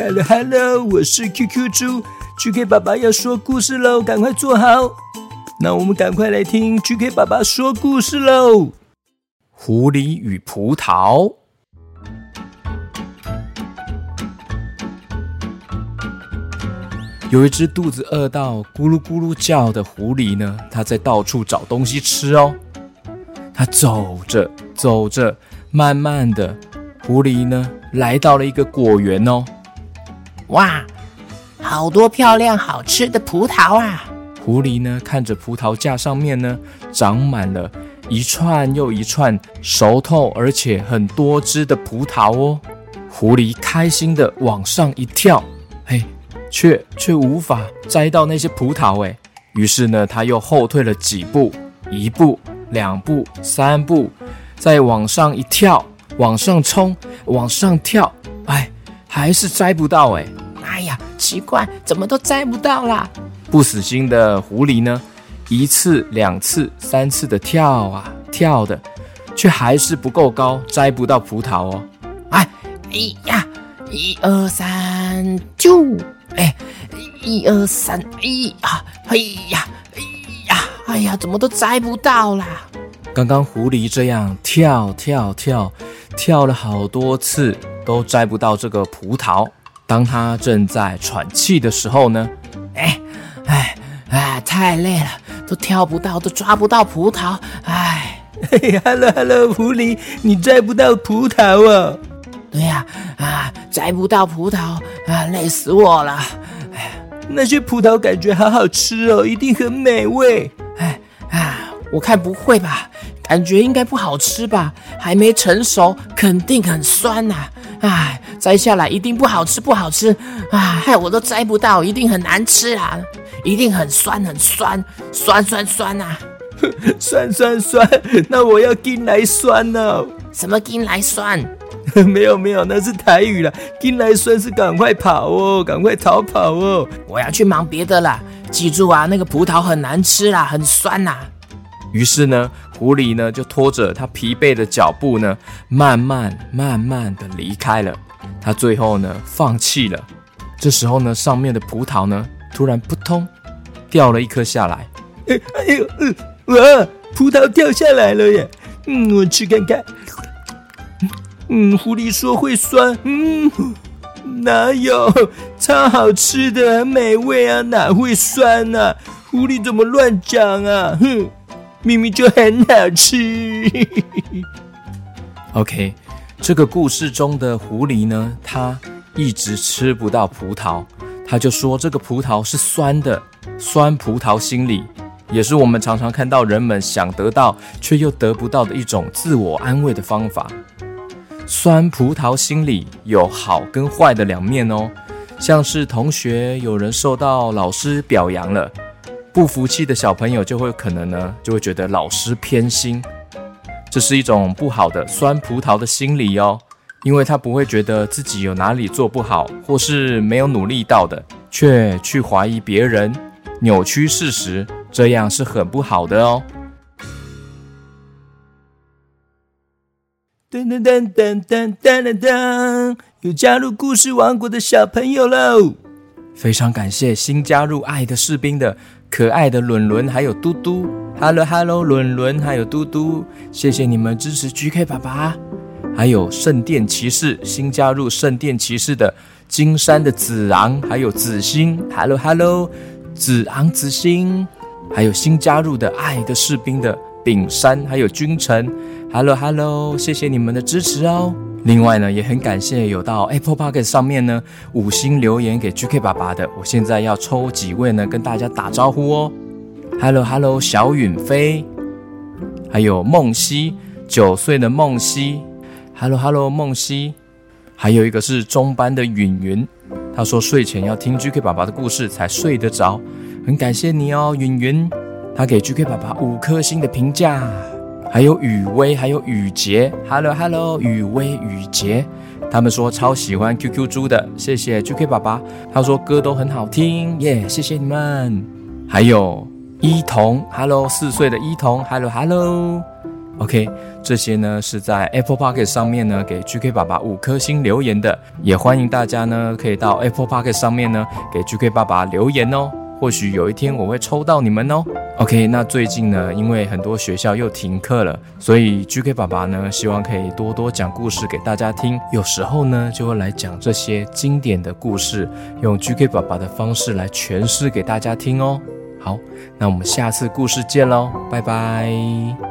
Hello，Hello，Hello，我是 QQ 豬，GK 爸爸要說故事嘍，趕快坐好。那我們趕快來聽 GK 爸爸說故事嘍。狐狸與葡萄。有一隻肚子餓到咕嚕咕嚕叫的狐狸呢，它在到處找東西吃哦。它走着走着，慢慢的，狐狸呢來到了一個果園哦。哇，好多漂亮好吃的葡萄啊！狐狸呢，看着葡萄架上面呢，長滿了一串又一串熟透而且很多汁的葡萄哦。狐狸開心地往上一跳，哎，卻卻無法摘到那些葡萄哎。於是呢，它又後退了幾步，一步、兩步、三步，再往上一跳，往上衝，往上跳，哎，還是摘不到哎。哎呀，奇怪，怎麼都摘不到啦！不死心的狐狸呢，一次、兩次、三次的跳啊跳的，卻還是不夠高，摘不到葡萄哦。哎，哎呀、啊，一二三，啾！哎，一二三，哎呀、啊，哎呀，哎呀，哎呀，怎麼都摘不到啦。剛剛狐狸這樣跳跳跳跳了好多次，都摘不到這個葡萄。當他正在喘氣的時候呢，哎哎哎、啊，太累了，都跳不到，都抓不到葡萄，哎，Hello Hello，狐狸，你摘不到葡萄啊、哦？對呀、啊，啊，摘不到葡萄啊，累死我了唉，那些葡萄感覺好好吃哦，一定很美味，哎啊，我看不會吧？感覺應該不好吃吧？還沒成熟，肯定很酸吶、啊！哎，摘下來一定不好吃，不好吃！哎，我都摘不到，一定很難吃啊！一定很酸，很酸，酸酸酸啊！酸酸酸！那我要進來酸哦、啊！什麼進來酸？沒有沒有，那是台語啦。進來酸是趕快跑哦，趕快逃跑哦！我要去忙別的啦。記住啊，那個葡萄很難吃啦，很酸吶、啊。於是呢，狐狸呢就拖着他疲憊的腳步呢，慢慢慢慢的離開了。他最後呢放棄了。這時候呢，上面的葡萄呢突然撲通掉了一顆下來。哎，哎呦，嗯、哎，哇，葡萄掉下來了耶！嗯，我吃看看。嗯，狐狸說會酸。嗯，哪有？超好吃的，很美味啊，哪會酸呢、啊？狐狸怎麼亂講啊？哼。明明就很好吃。 OK，這個故事中的狐狸呢，它一直吃不到葡萄，它就說這個葡萄是酸的。酸葡萄心理也是我們常常看到人們想得到卻又得不到的一種自我安慰的方法。酸葡萄心理有好跟壞的兩面哦，像是同學有人受到老師表揚了。不服氣的小朋友就會可能呢，就會覺得老師偏心，這是一種不好的酸葡萄的心理哦。因為他不會覺得自己有哪裡做不好，或是沒有努力到的，卻去懷疑別人，扭曲事實，這樣是很不好的哦。噔噔噔噔噔噔噔噔，有加入故事王國的小朋友嘍！非常感謝新加入《愛的士兵》的可愛的倫倫還有嘟嘟。Hello Hello，倫倫還有嘟嘟，謝謝你們支持 GK 爸爸。還有聖殿騎士，新加入聖殿騎士的金山的子昂，還有子星。Hello Hello，子昂子星，還有新加入的《愛的士兵》的餅山，還有君臣。哈嘍哈嘍，謝謝你們的支持哦。另外呢，也很感謝有到 Apple Podcast 上面呢五星留言給 GK 爸爸的。我現在要抽幾位呢，跟大家打招呼哦。Hello，Hello，hello, 小允飛，還有孟希，九歲的孟希。Hello，Hello，孟 hello, 希，還有一個是中班的允云，他說睡前要聽 GK 爸爸的故事才睡得着，很感謝你哦，允云，他給 GK 爸爸五顆星的評價。還有雨薇，還有雨杰，Hello Hello，雨薇雨杰，他們說超喜歡 QQ 豬的，謝謝 GK 爸爸，他說歌都很好聽，耶、yeah，謝謝你們。還有依童，Hello，四歲的依童，Hello Hello，OK、okay，這些呢是在 Apple Pocket 上面呢給 GK 爸爸五顆星留言的，也歡迎大家呢可以到 Apple Pocket 上面呢給 GK 爸爸留言哦。或許有一天我會抽到你們哦。OK，那最近呢，因為很多學校又停課了，所以 GK 爸爸呢希望可以多多講故事給大家聽。有時候呢，就會來講這些經典的故事，用 GK 爸爸的方式來詮釋給大家聽哦。好，那我們下次故事見嘍，拜拜。